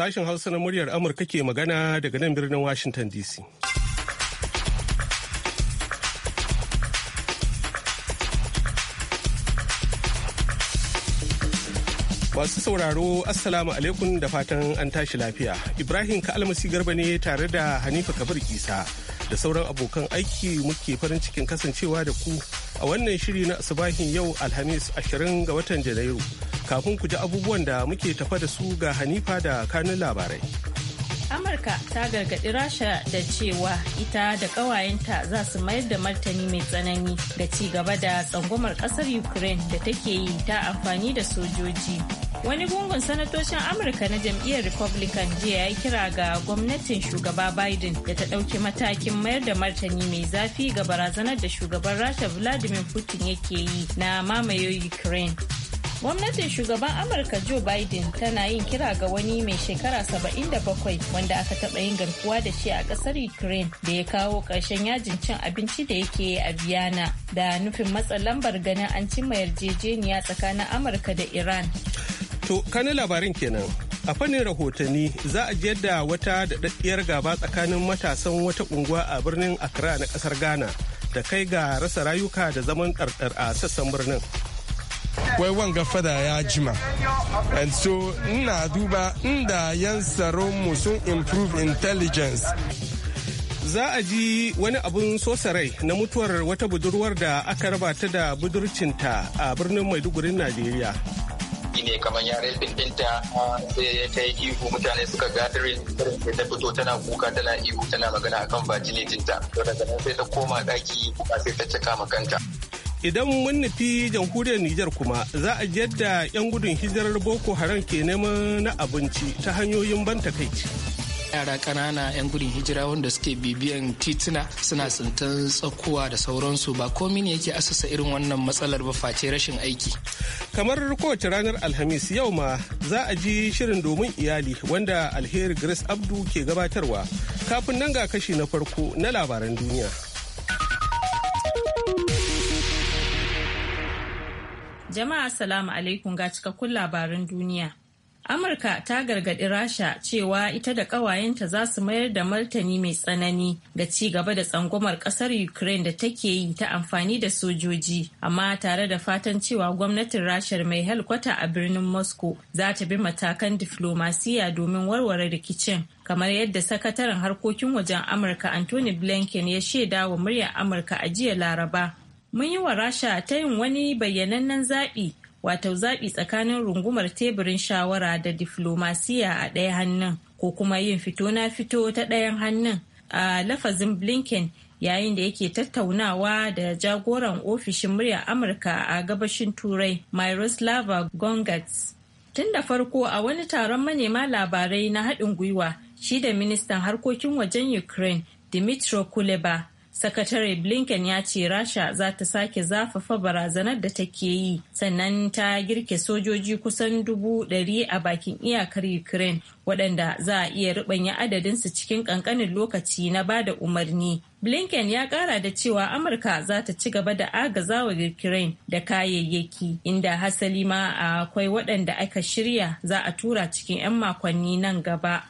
Sashen Hausa na muryar Amurka ke magana daga nan birnin Washington DC. Masu sauraro, Assalamu alaikum da fatan an tashi lafiya. Ibrahim Ka'almasi Garba ne tare da Hanifa Kabir Isa da sauran abokan aiki muke farin cikin kasancewa da ku a wannan shiri na asubahin yau Alhamis 20 ga watan Janairu. kafin ku ji abubuwan da muke tafa da su ga hanifa da kanun labarai amurka ta gargaɗi rasha da cewa ita da ƙawayenta za su mayar da martani mai tsanani da ci gaba da tsangwamar ƙasar ukraine da take yi ta amfani da sojoji wani gungun sanatocin amurka na jam'iyyar republican jiya ya kira ga gwamnatin shugaba biden da ta ɗauki matakin mayar da martani mai zafi ga barazanar da shugaban rasha vladimir putin yake yi na mamaye ukraine Gwamnatin shugaban Amurka Joe Biden tana yin kira ga wani mai shekara 77 wanda aka taba yin garkuwa da shi a kasar Ukraine da ya kawo ƙarshen yajin cin abinci da yake a Vienna da nufin matsa lambar ganin an cimma yarjejeniya tsakanin Amurka da Iran. To, kani labarin kenan. a fannin rahotanni za a jiyar da wata daɗaɗɗiyar gaba tsakanin matasan wata unguwa a birnin accra na ƙasar ghana da kai ga rasa rayuka da zaman ɗarɗar a sassan birnin wai wanga fada ya jima and so ina duba inda yan mu sun improve intelligence za a ji wani abun sosa na mutuwar wata budurwar da aka raba ta da budurcinta a birnin maiduguri najeriya ne kamar yare bindinta sai ta yi ihu mutane suka gadarin sai ta fito tana kuka tana ihu tana magana akan vaginetinta to daga nan sai ta koma ɗaki sai ta cika ma kanta Idan mun nufi jamhuriyar Nijar kuma za a yadda 'yan gudun hijirar Boko Haram ke neman na abinci ta hanyoyin ban takaici. yara ƙanana 'yan gudun hijira wanda suke bibiyan tituna suna tsintan tsakuwa da sauransu ba komi ne yake asasa irin wannan matsalar ba face rashin aiki. Kamar kowace ranar Alhamis yau ma za a ji shirin domin iyali wanda alheri Grace Abdu ke gabatarwa kafin nan ga kashi na farko na labaran duniya. Jama'a salamu alaikum ga cikakkun labaran duniya. Amurka ta gargaɗi Rasha cewa ita da ƙawayenta za su mayar da martani mai tsanani ga ci gaba da tsangwamar ƙasar Ukraine da take yi ta amfani da sojoji, amma tare da fatan cewa gwamnatin Rashar mai helkwata a birnin Moscow za ta bi matakan diflomasiya domin warware rikicin. kamar yadda sakataren harkokin wajen amurka anthony blinken ya shaida wa muryar amurka a jiya laraba mun yi wa rasha ta yin wani bayyanannen zaɓi wato zaɓi tsakanin rungumar teburin shawara da diflomasiya a ɗaya hannun ko kuma yin fito na fito ta ɗayan hannun a lafazin blinken yayin da yake tattaunawa da jagoran ofishin murya amurka a gabashin turai miroslava gongats tun da farko a wani taron manema labarai na haɗin gwiwa shi da ministan harkokin wajen ukraine dimitro kuleba sakatare blinken ya ce rasha za ta sake zafafa barazanar da take yi sannan ta girke sojoji kusan dubu ɗari a bakin iyakar ukraine waɗanda za a iya ruɓanya adadinsu cikin ƙanƙanin lokaci na ba da umarni blinken ya ƙara da cewa amurka za ta ci gaba da agazawa ukraine da kayayyaki inda hasali ma akwai waɗanda aka shirya za a tura cikin 'yan makonni nan gaba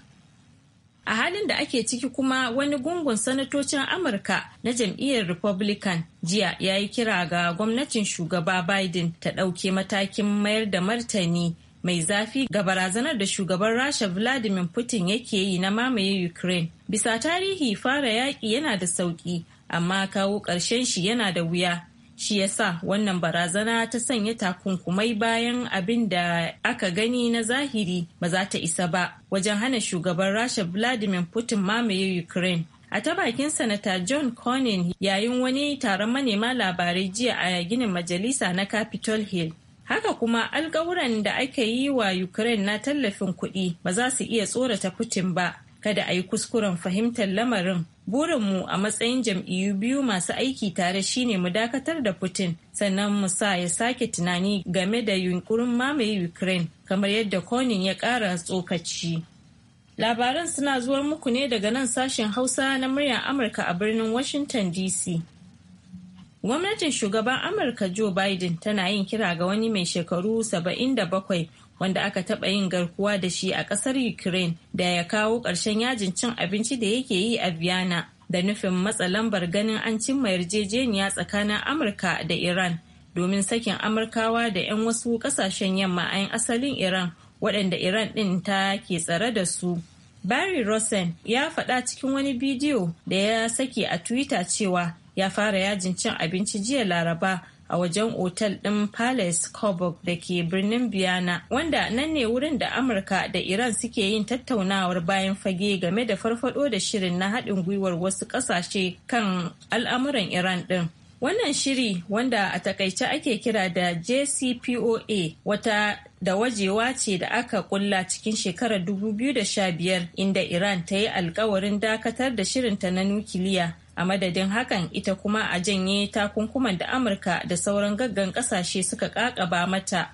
a halin da ake ciki kuma wani gungun sanatocin amurka na jam'iyyar republican jiya ya yi kira ga gwamnatin shugaba biden ta ɗauke matakin mayar da martani mai zafi ga barazanar da shugaban rasha vladimir putin yake yi na mamaye ukraine bisa tarihi fara yaƙi yana da sauƙi amma kawo ƙarshen shi yana da wuya shi yasa wannan barazana ta sanya takunkumai bayan abin da aka gani na zahiri ba za ta isa ba wajen hana shugaban rasha vladimir putin mamaye ukraine a ta bakin sanata john cornyn yayin wani taron manema labarai jiya a ginin majalisa na capitol hill haka kuma alkawuran da aka yi wa ukraine na tallafin kuɗi ba za su iya tsorata putin ba kada a yi kuskuren fahimtar lamarin burinmu a matsayin jam'iyyu biyu masu aiki tare shine mu dakatar da putin sannan mu sa ya sake tunani game da yunkurin mamaye ukraine kamar yadda konin ya kara tsokaci labaran suna zuwar muku ne daga nan sashen hausa na muryar amurka a birnin washington dc gwamnatin shugaban amurka joe biden tana yin kira ga wani mai shekaru 77 wanda aka taɓa yin garkuwa da shi a ƙasar ukraine da ya kawo ƙarshen yajin cin abinci da yake yi a vienna da nufin matsa lambar ganin an cimma yarjejeniya tsakanin amurka da iran domin sakin amurkawa da 'yan wasu ƙasashen yamma a asalin iran waɗanda iran ɗin ta ke tsare da su barry rosen ya faɗa cikin wani bidiyo da ya saki a twitter cewa ya fara yajin cin abinci jiya laraba a wajen otal ɗin Palace Coburg da ke birnin Biyana, wanda nan ne wurin da Amurka da Iran suke yin tattaunawar bayan fage game da farfado da shirin na haɗin gwiwar wasu ƙasashe kan al'amuran Iran ɗin. Wannan shiri wanda a takaice ake kira da JCPOA wata da wajewa ce da aka kulla cikin shekarar 2015 inda Iran ta yi alkawarin dakatar da shirinta na nukiliya. A madadin hakan ita kuma a janye takunkuman da Amurka da sauran gaggan kasashe suka kakaba mata.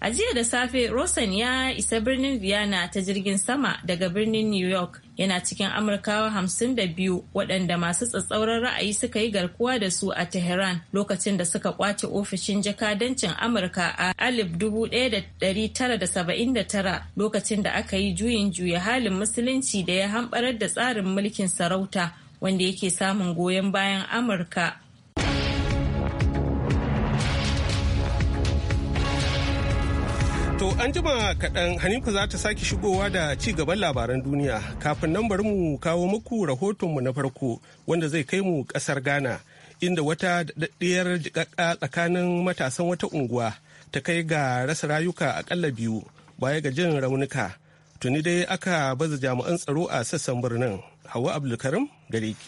A jiya da safe, Rosen ya isa birnin Viana ta jirgin sama daga birnin New York yana cikin amurkawa hamsin da biyu waɗanda masu tsatsauran ra'ayi suka yi garkuwa da su a tehran lokacin da suka kwace ofishin jakadancin amurka a alif tara lokacin da aka yi juyin juya halin musulunci da ya hambarar da tsarin mulkin sarauta wanda yake samun goyon bayan amurka To an jima kaɗan Hanifa za ta sake shigowa da ci gaban labaran duniya kafin nan bari mu kawo muku rahotonmu na farko wanda zai kai mu ƙasar Ghana inda wata daɗaɗɗiyar jiƙaƙƙa tsakanin matasan wata unguwa ta kai ga rasa rayuka aƙalla biyu baya ga jin raunuka. Tuni dai aka baza jami'an tsaro a sassan birnin. Hawa Abdulkarim gare ki.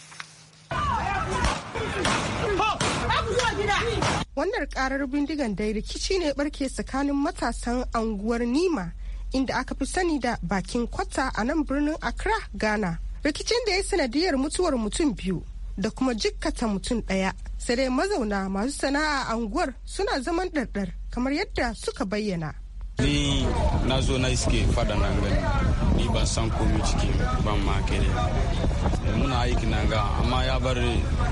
Wannan karar bindigan dai rikici ne barke tsakanin matasan anguwar Nima inda aka fi sani da bakin kwata a nan birnin Accra, Ghana. Rikicin da ya sanadiyar mutuwar mutum biyu da kuma jikkata mutum ɗaya. Sai dai mazauna masu sana'a anguwar suna zaman ɗarɗar kamar yadda suka bayyana. ni na zo na iske fada na gani ni ban san komi ciki ban ma kere muna aiki na ga amma ya bar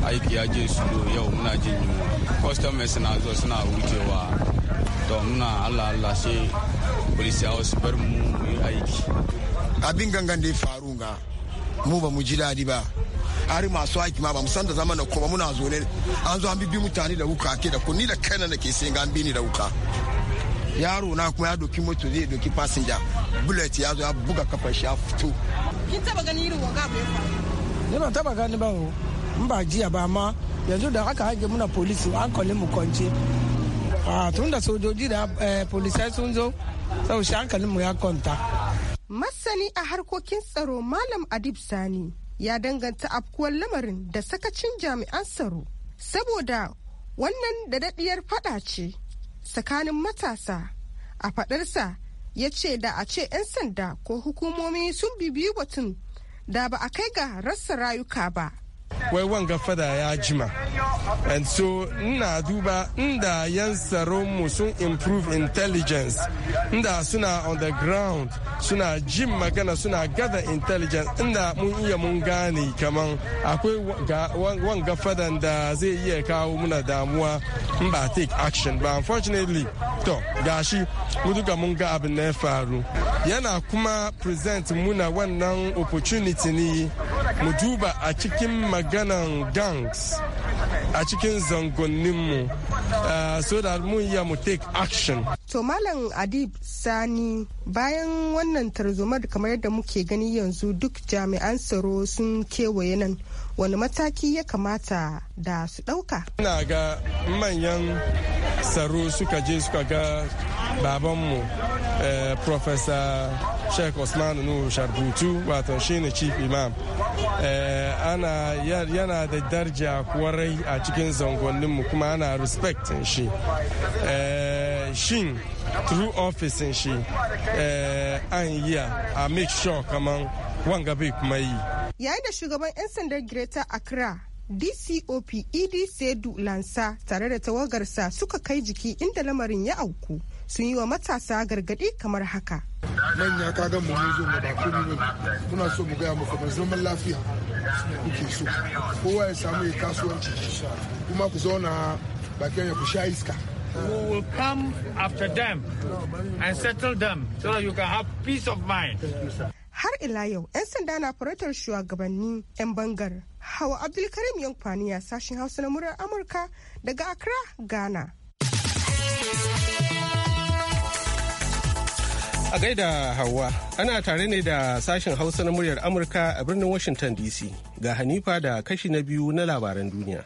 aiki ya je su yau muna jin yunwa customers na zo suna wucewa to muna allah allah sai polisiyawa su bar mu yi aiki abin gangan da ya faru ga mu ba mu ji daɗi ba har masu aiki ma ba mu san da zama na kuma muna zo ne an zo an bi mutane da wuka ke da kunni da kaina da ke sai ga an bi ni da wuka yaro na kuma ya doki moto zai doki fasinja bullet ya zo ya buga kafar shi ya fito kin taba gani irin waga bai faru ne taba gani ba o in ba jiya ba amma yanzu da aka haje muna polisi an kwale mu kwance a tun da sojoji da eh, polisai sun zo sau shi hankalin mu ya kwanta masani a harkokin tsaro malam adib sani ya danganta afkuwar lamarin da sakacin jami'an tsaro saboda wannan da daɗiyar fada ce tsakanin matasa a fadarsa ya ce da a ce 'yan sanda ko hukumomi sun bibiyi batun da ba a kai ga rasa rayuka ba wai wanga fada ya jima and so nna duba nda yan mu sun improve intelligence nda suna on the ground suna jin magana suna gather intelligence inda mun iya mun gane kaman akwai wanga fadan da zai iya kawo muna damuwa in ba take action But unfortunately to gashi mu duka mun ga abin na ya faru yana kuma present muna wannan opportunity ne mu duba a cikin magana maganan gangs a cikin zangoninmu eh, so da mun iya mu take action. To Malam Adib Sani bayan wannan tarzoma kamar yadda muke gani yanzu duk jami'an tsaro sun kewaye nan wani mataki ya kamata da su ɗauka? Ina ga manyan tsaro suka je suka ga babanmu eh, Professor Sheikh Osman Nuhu Sharbutu wato shine Chief Imam. Eh, ana yana da darja kwarai a cikin zangonninmu kuma ana respectin shi. Eh, shin true office shi eh, an yi a make sure kaman wanga bai kuma yi. yayin da shugaban 'yan sandar Greta Accra DCOP ED Sedu Lansa tare da tawagarsa suka kai jiki inda lamarin ya auku sun yi wa matasa gargadi kamar haka. Manya ka ga mu zo mu ba komai ne muna so mu gaya muku mai zaman lafiya kuke so kowa ya samu ya kasuwanci kuma ku zauna bakin ya ku sha iska. We will come after them and settle them so that you can have peace of mind. har ila yau 'yan sanda na farautar shugabanni 'yan bangar hawa abdulkarim ya sashen hausa na murar amurka daga accra ghana a gaida hawa ana tare ne da sashen hausa na muryar amurka a birnin washington dc ga hanifa da kashi na biyu na labaran duniya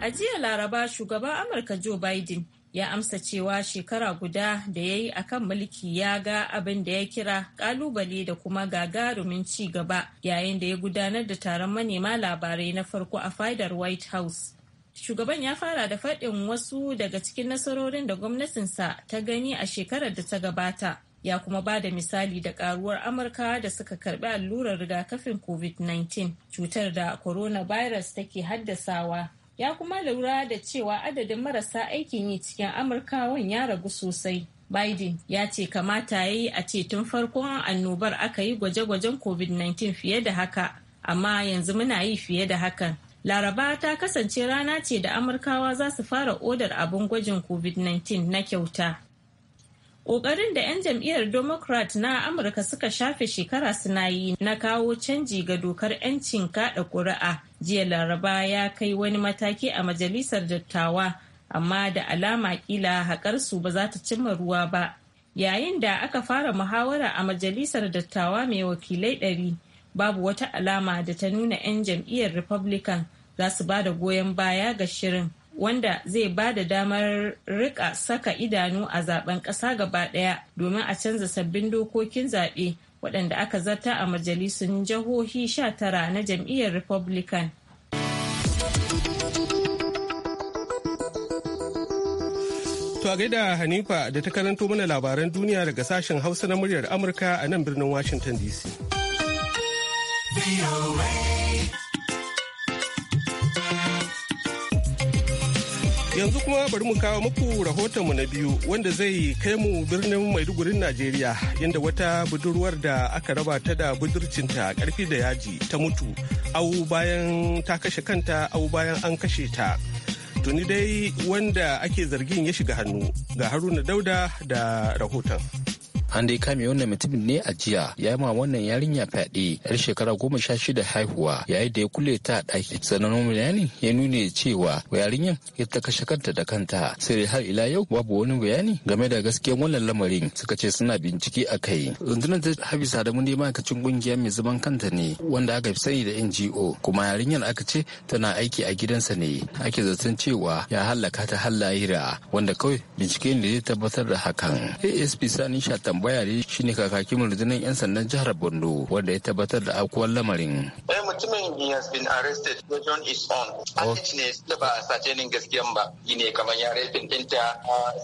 a jiya laraba shugaban amurka joe biden ya amsa cewa shekara guda da ya yi a kan mulki ya ga abin da ya kira kalubale da kuma gagarumin ci gaba yayin da ya gudanar da taron manema labarai na farko a fadar white house shugaban ya fara da faɗin wasu daga cikin nasarorin da gwamnatinsa ta gani a shekarar da ta gabata ya kuma ba da misali da karuwar amurka da suka karbi allurar rigakafin covid-19 cutar da coronavirus take haddasawa ya kuma lura da cewa adadin marasa aikin yi cikin amurkawan ya ragu sosai biden ya ce kamata ya yi a ce tun farkon annobar aka yi gwaje-gwajen covid-19 fiye da haka amma yanzu muna yi fiye da hakan laraba ta kasance rana ce da amurkawa za su fara odar abin gwajin covid-19 na kyauta ƙoƙarin da 'yan jam'iyyar democrat na amurka suka shafe shekara suna yi na kawo canji ga dokar 'yancin kaɗa ƙuri'a jiya laraba ya kai wani mataki a majalisar dattawa amma da alama kila haƙarsu ba za ta cimma ruwa ba yayin da aka fara muhawara a majalisar dattawa mai wakilai ɗari babu wata alama da ta nuna 'yan jam'iyyar republican za su ba da goyon baya ga shirin wanda zai ba da damar rika saka idanu a zaben ƙasa gaba ɗaya domin a canza sabbin dokokin zaɓe waɗanda aka zarta a majalisun jihohi 19 na jam'iyyar republican To a gaida Hanifa da ta karanto mana labaran duniya daga sashen Hausa na muryar Amurka a nan birnin Washington DC. Yanzu kuma bari mu kawo muku rahotonmu na biyu wanda zai kai mu birnin Maidugurin Najeriya inda wata budurwar da aka raba ta da budurcinta karfi da yaji ta mutu au bayan ta kashe kanta au bayan an kashe ta. Tuni dai wanda ake zargin ya shiga hannu ga Haruna Dauda da rahoton. an dai kame wannan mutumin ne a jiya ya ma wannan yarinya fyaɗe yar shekara goma sha shida haihuwa yayin da ya kulle ta a ɗaki sannan bayani ya nuna cewa yarinyar ya ta kashe kanta da kanta sai dai har ila yau babu wani bayani game da gaskiyar wannan lamarin suka ce suna bincike a kai rundunar ta habisa da mun ma'aikacin kungiya mai zaman kanta ne wanda aka fi sani da ngo kuma yarinyar aka ce tana aiki a gidansa ne ake zaton cewa ya hallaka ta har wanda kawai bincike ne zai tabbatar da hakan asp sani shatan tambayari shine kakakin rundunar 'yan sandan jihar Bondo wanda ya tabbatar da aukuwar lamarin. Wani eh, mutumin he has been arrested on is on. Oh. Asiti ne da ba a sace nin gaskiyan ba. Gine kamar ya rafin ɗinta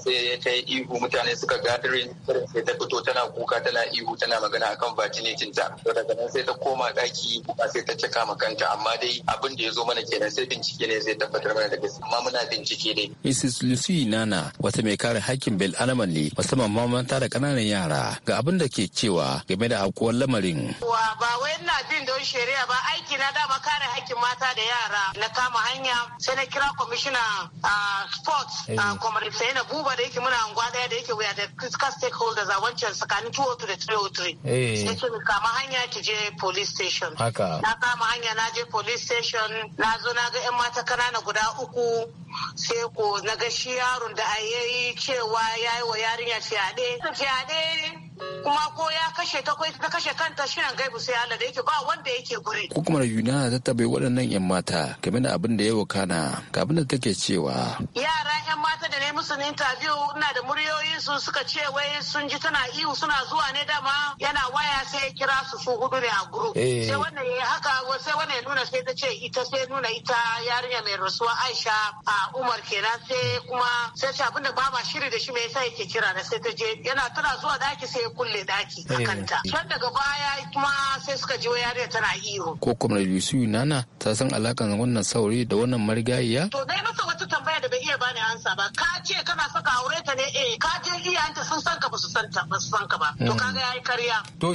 sai ya kai ihu mutane suka gadarin sai ta fito tana kuka tana ihu tana magana akan vaccinating ta. Daga nan sai ta koma ɗaki sai ta cika makanta amma dai abin da ya zo mana kenan sai bincike ne zai tabbatar mana da gaskiya amma muna bincike ne. Mrs. Lucy Nana wata mai kare hakkin Bel Alaman musamman ma mata da ƙananan yara. yara ga abin da ke cewa game da hakuwar lamarin. Wa Ba wai ina bin don shari'a ba aiki na dama kare haƙƙin mata da yara na kama hanya sai na kira kwamishina a sports a eh. sai na buba da yake muna anguwa daya da yake wuya da critical stakeholders a wancan tsakanin 203 da 303. Eh. Sai su kama hanya ki je police station. Na kama hanya na je police station na zo na ga 'yan mata kanana guda uku sai ko na ga shi yaron da a yayi cewa ya yi wa yarinya Fiyaɗe kuma ko ya kashe ta ko ta kashe kanta shirin gaibu sai Allah da yake ba wanda yake gure hukumar yuna na tabe waɗannan yan mata game da abin da ya wakana ga abin da take cewa yara yan mata da ne musu interview ina da muryoyin su suka ce wai sun ji tana ihu suna zuwa ne dama yana waya sai ya kira su su hudu ne a guru. Eh. sai wannan yayi haka sai wannan ya nuna sai ta ce ita sai nuna ita yarinya mai rasuwa Aisha a Umar kenan sai kuma sai ce abin da ba ma shiri da shi me yasa yake kira na sai ta je yana tana zuwa daki sai ya kulle kulle daki a eh. kanta can daga baya kuma sai suka ji yarinya tana iyo ko kuma Yusu Nana ta san alakan wannan saurayi da wannan marigayiya to dai masa wata tambaya da bai iya bani ansa ba ka ce kana saka aure ta ne eh ka je iyayenta sun san ka ba su san ta ba su san ka ba to mm. kaga yayi karya to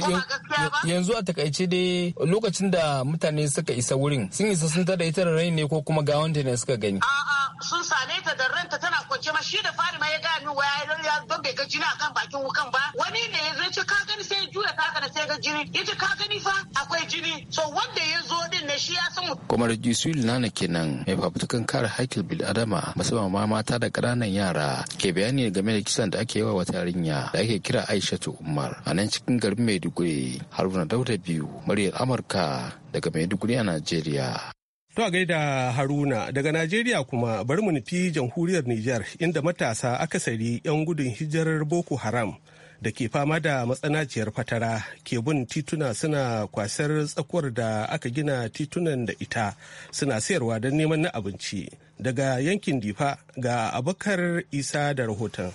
yanzu a takaice dai lokacin da mutane suka isa wurin sun isa sun tada ita rai ne ko kuma gawanta ne suka gani a'a sun same ta da ranta tana kwance ma shi da fari ma ya gaya min waya ya don bai ga jini akan bakin wukan ba wani ne ya ce ka gani sai juya ka gani sai ga jini ya ce ka gani fa akwai jini so wanda ya zo din ne shi ya san kuma da jusul nana kenan mai fafutukan kare bil adama, musamman ma mata da ƙananan yara ke bayani game da kisan da ake yi wa wata yarinya da ake kira Aishatu Umar a nan cikin garin Maiduguri Haruna Dauda biyu muryar Amurka daga Maiduguri a Najeriya. To a gaida Haruna daga Najeriya kuma bari mu nufi jamhuriyar Nijar inda matasa akasari 'yan gudun hijirar Boko Haram da ke fama da matsanaciyar fatara ke bin tituna suna kwasar tsakuwar da aka gina titunan da ita suna sayarwa don neman na abinci daga yankin difa ga abakar isa da rahoton.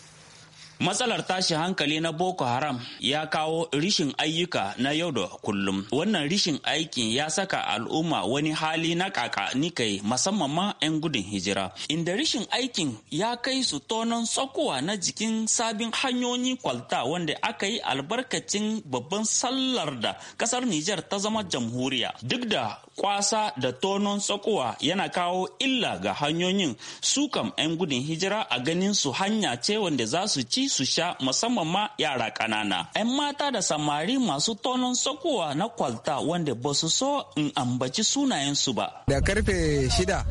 Matsalar tashi hankali na Boko Haram ya kawo rishin ayyuka na yau da kullum. Wannan rishin aikin ya saka al'umma wani hali na kaka nikai musamman ma 'yan gudun hijira. Inda rishin aikin ya kai su tonon tsakuwa na jikin sabin hanyoyi kwalta wanda aka yi albarkacin babban sallar da kasar Nijar ta zama jamhuriya. Duk da kwasa da tonon tsakuwa yana kawo illa ga hanyoyin su kam 'yan gudun hijira a ganin su hanya ce wanda za su ci su sha musamman ma yara ƙanana 'yan mata da samari masu tonon tsakuwa na kwalta wanda ba su so in ambaci sunayensu ba da karfe shida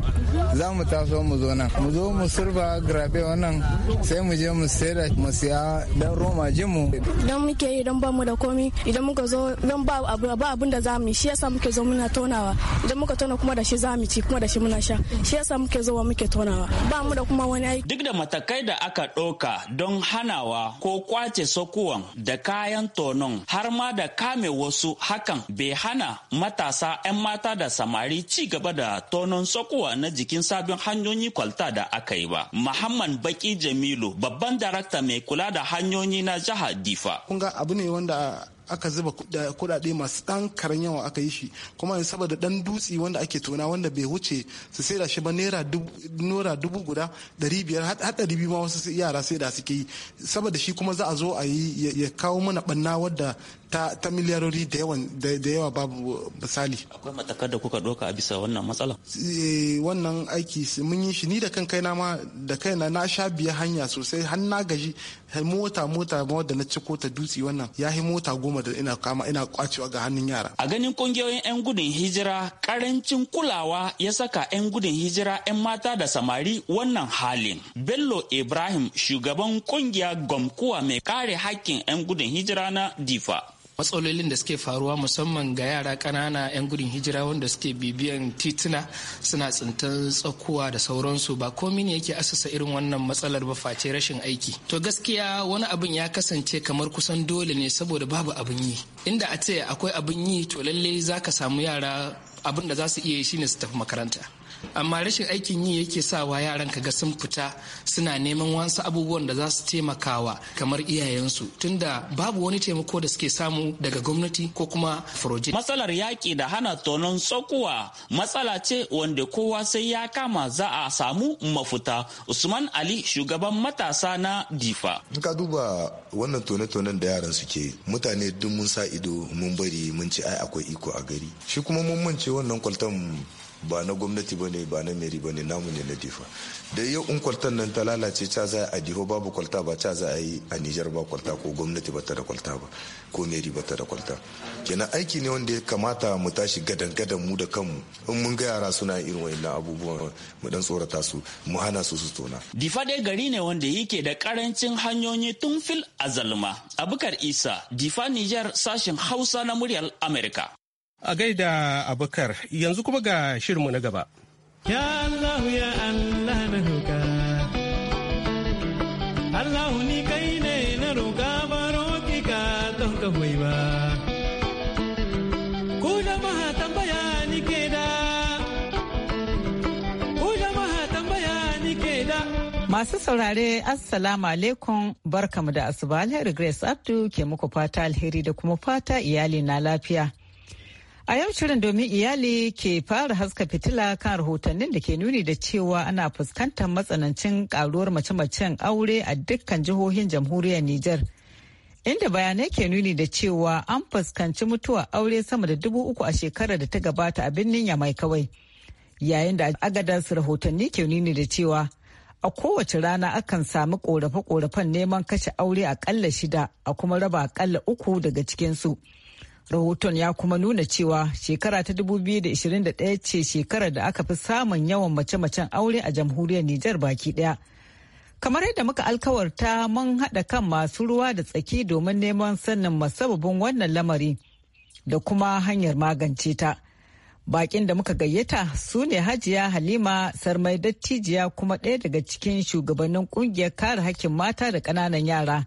za mu taso mu zo nan mu zo mu surfa grabe wannan sai mu je mu saida mu siya dan roma jimu idan muke yi don ba mu da komi idan muka zo don ba abin da za mu shi yasa muke zo muna tonawa idan muka tona kuma da shi za mu ci kuma da shi muna sha shi yasa muke zuwa muke tonawa ba mu da kuma wani aiki duk da matakai da aka ɗauka don hanawa ko kwace sokuwan da kayan tonon har ma da kame wasu hakan bai hana matasa 'yan mata da samari ci gaba da tonon sokuwa na jikin sabon hanyoyi kwalta da aka yi ba muhammad baki jamilu babban darakta mai kula da hanyoyi na jihar difa kun ga abu ne wanda aka zuba kudade masu dan karan yawa aka yi shi kuma yanzu saboda dan dutse wanda ake tona wanda bai wuce su sai da shi ba naira dubu guda dari biyar har dari biyu ma wasu yara sai da suke yi saboda shi kuma za a zo a yi ya kawo mana banna wadda ta, miliyarori da yawa da yawa babu misali akwai matakar da kuka doka a bisa wannan matsala eh, wannan aiki mun yi shi ni da kankai na ma da kaina na sha biya hanya sosai har na gaji mota mota ma da na ciko ta dutse wannan ya yi mota goma da ina kama ina kwacewa ga hannun yara a ganin kungiyoyin yan gudun hijira karancin kulawa ya saka yan gudun hijira yan mata da samari wannan halin bello ibrahim shugaban kungiya gwamkuwa mai kare hakkin yan gudun hijira na difa matsalolin da suke faruwa musamman ga yara kanana 'yan gudun hijira wanda suke bibiyan tituna suna tsintan tsakuwa da sauransu ba komi ne yake asasa irin wannan matsalar ba face rashin aiki to gaskiya wani abin ya kasance kamar kusan dole ne saboda babu abin yi inda a ce akwai abin yi to lallai za ka samu yara abin da za su iya yi shine su tafi makaranta amma rashin aikin yi yake sawa yaran ka ga sun fita suna neman wasu abubuwan da za su taimakawa kamar iyayensu tunda babu wani taimako da suke samu daga gwamnati ko kuma project matsalar yaƙi da hana tonon tsakuwa matsala ce wanda kowa sai ya kama za a samu mafuta usman ali shugaban matasa na difa in ka duba wannan tone-tonen da yaran suke mutane duk mun sa ido mun bari mun ce ai akwai iko a gari shi kuma mun mance wannan kwaltan ba na gwamnati ba ne ba na meri ba ne namu ne na difa da yau in kwaltar nan ta lalace ca za a difa babu kwalta ba ca za a yi a nijar ba kwalta ko gwamnati ba ta da kwalta ba ko meri ba ta da kwalta kenan aiki ne wanda ya kamata mu tashi gadan gadan mu da kanmu in mun ga yara suna irin wayannan abubuwan mu dan tsorata su mu hana su su tona difa dai gari ne wanda yake da karancin hanyoyi tun fil azalma abukar isa difa nijar sashen hausa na muryar amerika a gaida abakar yanzu kuma ga shirinmu na gaba ya Allah ya Allah na roƙa Allah ni kai ne na roƙa ba roƙi ka don ka hoyi ba ku jama'a tambaya ni ke da ku jama'a tambaya ni ke da Masu saurare Assalamu alaikum barkamu da asuba alheri Grace Abdu ke muku fata alheri da kuma fata iyali na lafiya. A yau shirin domin iyali ke fara haska fitila kan rahotannin da ke nuni da cewa ana fuskantar matsanancin karuwar mace-macen aure a dukkan jihohin jamhuriyar Nijar. Inda bayanai ke nuni da cewa an fuskanci mutuwa aure sama da dubu uku a shekarar da ta gabata a birnin Yamai kawai. Yayin da agadas rahotanni ke nuni da cewa a kowace rana akan sami korafe-korafen neman kashe aure kalla shida a kuma raba akalla uku daga cikinsu. su. rahoton ya kuma nuna cewa shekara ta 2021 ce shekarar da aka fi samun yawan mace-macen aure a jamhuriyar Nijar baki daya. Kamar yadda muka alkawarta mun haɗa kan masu ruwa da tsaki domin neman sannin masababin wannan lamari da kuma hanyar magance ta. Bakin da muka gayyata su ne Hajiya Halima Sarmai Dattijiya kuma ɗaya daga cikin shugabannin ƙungiyar kare hakkin mata da ƙananan yara.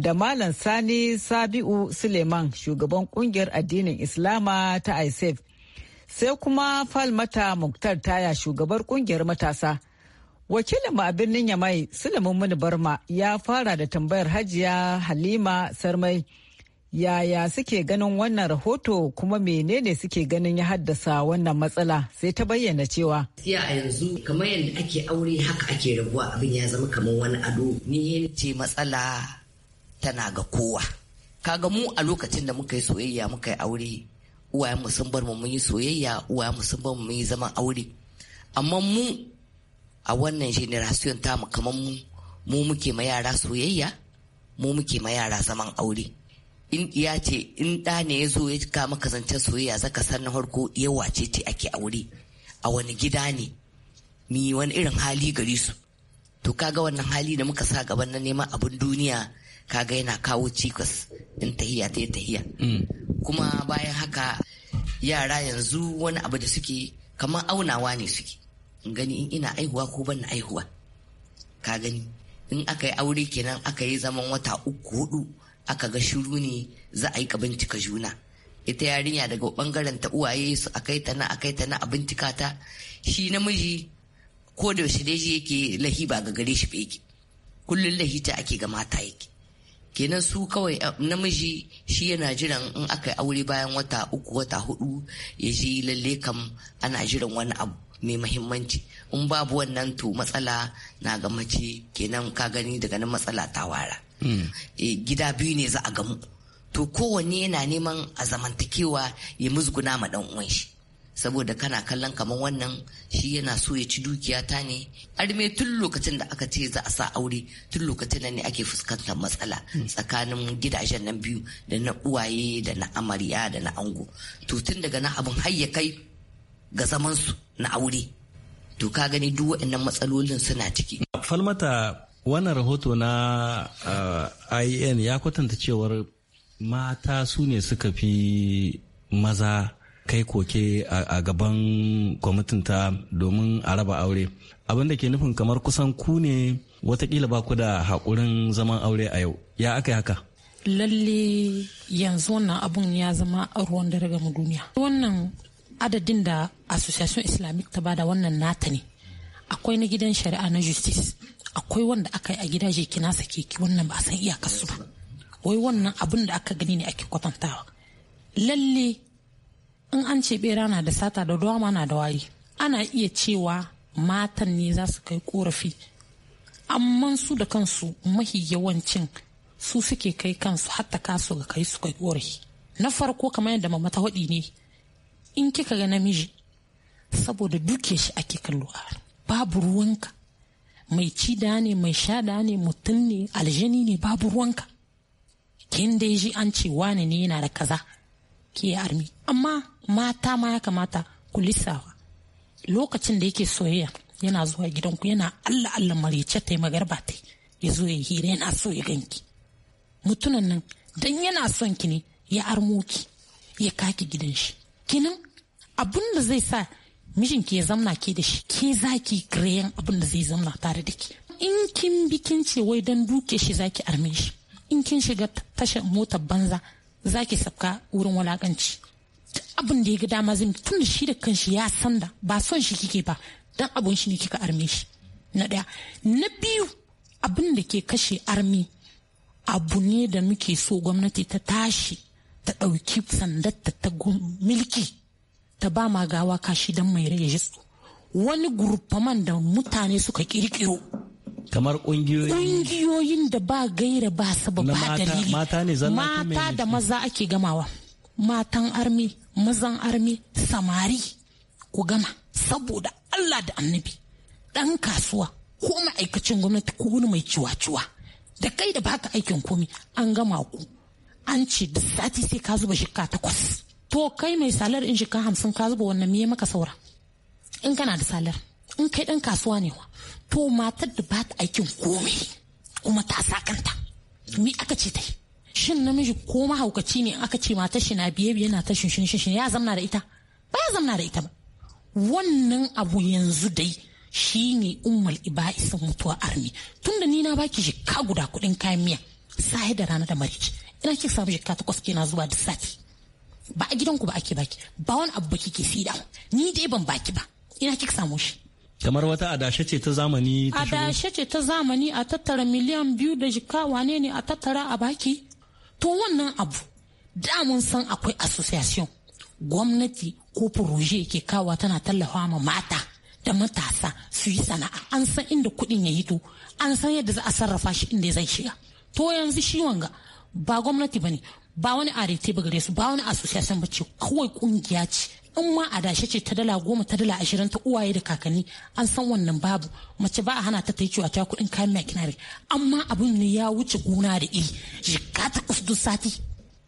da Malam Sani Sabi'u Suleiman shugaban kungiyar addinin Islama ta ISAF. E sai kuma Falmata Muktar Taya shugabar kungiyar matasa. Wakilin mu a birnin Yamai Suleman Muni Barma ya fara da tambayar Hajiya Halima Sarmai yaya suke ganin wannan rahoto kuma menene suke ganin ya haddasa wannan matsala sai ta bayyana cewa Ya a yanzu kamar yadda ake aure haka ake rabuwa abin ya zama kamar wani ado ni ce matsala tana ga kowa kaga mu a lokacin da muka yi soyayya muka yi aure uwayenmu sun bar mu mun yi soyayya uwayenmu sun bar mu mun yi zaman aure amma mu a wannan generation ta kamar mu mu muke ma yara soyayya mu muke ma yara zaman aure in ya ce in ɗa ne ya zo ya ka maka zancen soyayya zaka san na farko yawa ce ce ake aure a wani gida ne mi wani irin hali gari su to kaga wannan hali da muka sa gaban na neman abin duniya kaga yana kawo cikas in tahiya ta tahiya mm. kuma bayan haka yara yanzu wani abu da suke kamar aunawa ne suke in gani in ina aihuwa ko ban aihuwa ka gani in aka yi aure kenan aka yi zaman wata uku hudu aka ga shiru ne za a yi ka bincika juna ita yarinya daga bangaren ta uwaye su akai ta na akai ta na a bincika ta shi namiji ko da shi dai shi yake lahi ba ga gare shi ba yake kullum lahi ta ake ga mata yake kenan su kawai eh, namiji shi yana jiran in aka yi aure bayan wata uku wata hudu ya ji lalle kam ana jiran wani abu mai mahimmanci in babu wannan to matsala na ga mace kenan ka gani daga nan matsala ta wara hmm. eh, gida biyu ne za a gamu to kowanne yana neman a zamantakewa ya musguna ma dan uwan shi saboda kana kallon kamar wannan shi yana so ya ci dukiya ta ne arme tun lokacin da aka ce za a sa aure tun lokacin nan ne ake fuskantar matsala hmm. tsakanin gidajen nan biyu da na uwaye da na amarya da na ango to tun daga nan abin hayya kai ga zaman su na aure to ka gani duk waɗannan matsalolin suna ciki falmata wannan rahoto na ah, IAN ya kwatanta cewar mata su ne suka fi maza kai koke a gaban kwamitin ta domin a raba aure abin da ke nufin kamar kusan ku ne watakila ba ku da haƙurin zaman aure a yau ya aka yi haka lalle yanzu wannan abun ya zama ruwan da daga mu duniya wannan adadin da association islamic ta bada wannan nata ne akwai na gidan shari'a na justice akwai wanda aka yi a gidaje kina sake ki wannan ba a san iyakarsu ba wai wannan abun da aka gani ne ake kwatantawa lalle in an ce bera na da sata da dawama na da wari ana iya cewa matan ne za su kai korafi amma su da kansu mahi yawancin su suke kai kansu hatta kasu ga kai su kai korafi na farko kamar yadda mamata ta ne in kika ga namiji saboda duke shi ake kallo babu ruwanka mai ci da ne mai sha da ne mutum ne aljani ne babu ruwanka kin dai ji an ce wane ne yana da kaza ki armi amma mata ma ya kamata ku lissafa lokacin da yake soyayya yana zuwa gidanku yana allah allah marice ta yi magarba ta ya zo ya hira yana so ya ganki mutunan nan dan yana son ki ne ya armo ki ya kaki gidan shi kinan abun da zai sa mijinki ya zamna ke da shi ke zaki kireyan abun da zai zamna tare da ki in kin bikin ce wai dan duke shi zaki arme shi in kin shiga tashar mota banza za ki sabka wurin wulakanci abin da ya ga dama zai tun shi da kanshi ya san da ba son shi kike ba dan abun shi ne kika arme shi na ɗaya na biyu abin da ke kashe armi abu ne da muke so gwamnati ta tashi ta ɗauki sandar ta milki ta ba ma gawa kashi don mai rage wani gurfaman da mutane suka ƙirƙiro. kamar kungiyoyi kungiyoyin da ba gaira ba sabab ba dalili mata ne mata da maza ake gamawa matan armi mazan armi samari ku gama saboda Allah da annabi dan kasuwa ko ma'aikacin gwamnati ko wani mai ciwa-ciwa da kai da baka aikin komi an gama ku an ce da sati sai ka zuba shika takwas to kai mai salar in shika hamsin ka zuba wannan me maka saura in kana da salar in kai dan kasuwa ne wa to matar da ba ta aikin komai kuma ta sa kanta mi aka ce ta shin namiji ko mahaukaci ne aka ce matar shi na biye biye na ta shin shin ya zamna da ita ba ya zamna da ita ba wannan abu yanzu dai shi ne ummal iba'is mutuwa armi tunda ni na baki jikka guda kuɗin kayan miya sahi da rana da marici ina kika samu ta takwas kina zuwa da sati ba a gidanku ba ake baki ba wani abu baki ke sida ni dai ban baki ba ina kika samu shi kamar wata adashe ce ta zamani adashe ce ta zamani a tattara miliyan biyu da jika wane ne a tattara a baki to wannan abu da mun san akwai association gwamnati ko proje ke kawa tana tallafa ma mata da matasa su yi sana'a an san inda kuɗin ya hito an san yadda za a sarrafa shi inda zai shiga to yanzu shi wanga ba gwamnati ba ne ba wani arete ba gare su ba wani association ba ce kawai kungiya ce in ma a dashe ce ta dala goma ta dala ashirin ta uwaye da kakanni an san wannan babu mace ba a hana ta ta yi cewa ta kuɗin kayan mai kinare amma abin ne ya wuce gona da iri jika ta kusdu sati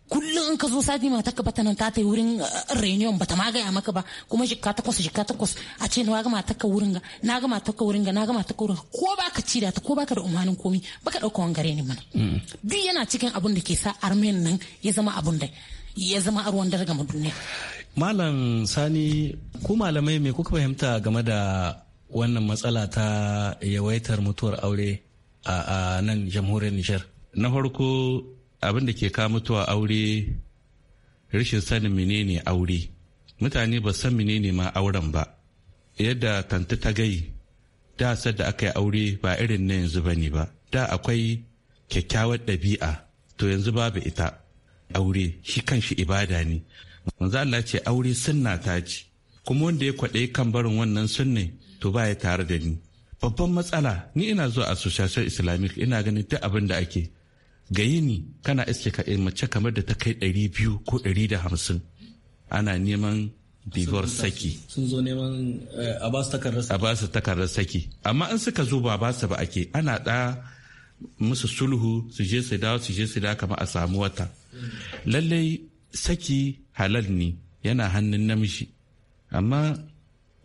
kullum in ka zo sati ma ta bata nan ta uh, ta wurin reunion bata ma gaya maka ba kuma jika takwas jika takwas a ce na gama ta ka wurin ga na gama ta ka wurin ga na gama ta ka wurin ko ka ci da ta ko ka da umarnin komi ka ɗauka wangare ne mana mm. duk yana cikin abin da ke sa armenian nan ya zama abin da ya zama arwan darga duniya Malam Sani, ku malamai me kuka fahimta game da wannan matsala ta yawaitar mutuwar aure a nan jamhuriyar Nijar? Na farko abin da ke ka mutuwa aure rashin sanin menene aure. Mutane ba san menene ma auren ba. Yadda kanti ta gai da sadda aka yi aure ba irin na yanzu ba ne ba. Da akwai kyakkyawar ɗabi'a to yanzu babu ita. Aure shi kanshi ibada ne. manzo Allah ce aure sunna ta ce kuma wanda ya kwaɗe kan barin wannan sunne to ba ya tare da ni babban matsala ni ina zuwa association islamic ina ganin duk abin da ake gayi ni kana iske ka eh, mace kamar da ta kai ɗari biyu ko ɗari da hamsin ana neman bigor saki sun zo neman eh, a ba su takardar saki amma in suka zo ba ba su ba ake ana ɗa musu sulhu su je su dawo su je su dawo kamar a samu wata lallai saki halal ne yana hannun namiji amma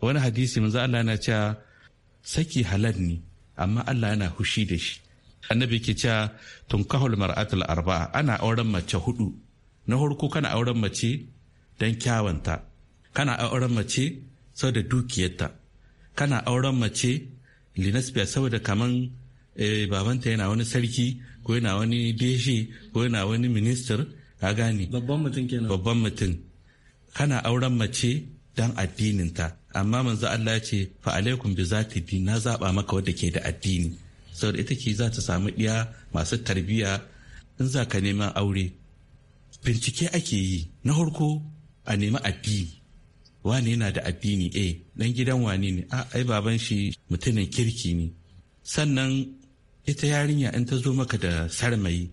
wani hadisi manzo Allah yana cewa saki halal ne amma Allah yana hushi da shi annabi ke cewa tunkahul mar'atul arba'a ana auren mace hudu na farko kana auren mace dan kyawanta kana auren mace saboda dukiyarta kana auren mace linasbiya saboda kaman eh, babanta yana wani sarki ko yana wani deshe ko yana wani minister ka gane babban mutum kenan babban mutum kana auren mace dan addinin ta amma manzo Allah ya ce fa alaikum bi zati din na zaba maka wadda ke da addini saboda ita ke za ta samu ɗiya masu tarbiyya in za ka neman aure bincike ake yi na harko a nemi addini wane yana da addini a eh, dan gidan wane ne a ah, ai baban shi mutumin kirki ne sannan ita yarinya in ta zo maka da sarmayi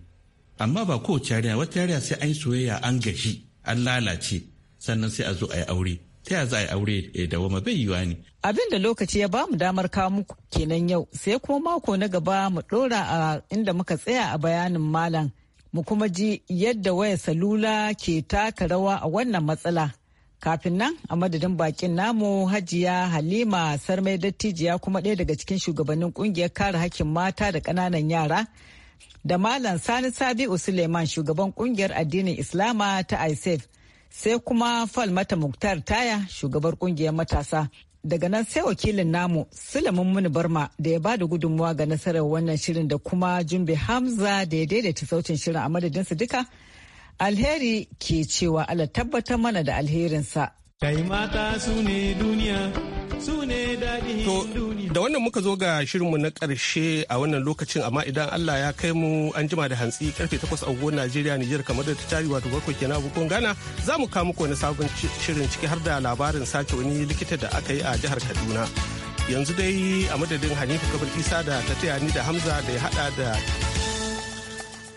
amma ba ko yarinya wata yarinya sai an yi soyayya an gashi an lalace sannan sai a zo a yi aure ta ya za a yi aure da wama bai yiwa ne. Abin da lokaci ya bamu damar kawo muku kenan yau sai kuma mako na gaba mu ɗora a inda muka tsaya a bayanin malam mu kuma ji yadda waya salula ke taka rawa a wannan matsala. Kafin nan a madadin bakin namu hajiya Halima Sarmai Dattijiya kuma ɗaya daga cikin shugabannin kungiyar kare hakkin mata da ƙananan yara. da Malam Sani Sabi'u Suleiman shugaban kungiyar addinin Islama ta ISAF e sai kuma Falmata Muktar Taya shugabar kungiyar matasa. Daga nan sai wakilin namu Sulamin Muni Barma da ya bada gudunmuwa ga nasarar wannan shirin da kuma Jumbe Hamza da ya daidaita sautin shirin a madadinsu duka. Alheri ke cewa Allah tabbatar mana da alherinsa Kai mata su ne duniya, su ne daɗin duniya. Da wannan muka zo ga shirinmu na ƙarshe a wannan lokacin amma idan Allah ya kai mu an jima da hantsi karfe 8 agogon Najeriya Nijar kamar da ta tari wato bakwai kenan abokan Ghana za mu kawo muku wani sabon shirin ciki har da labarin sake wani likita da aka yi a jihar Kaduna. Yanzu dai a madadin Hanifa Kabir Isa da ta taya ni da Hamza da ya hada da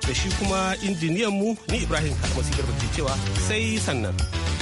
da shi kuma injiniyan mu ni Ibrahim Kalmasi Garba cewa sai sannan.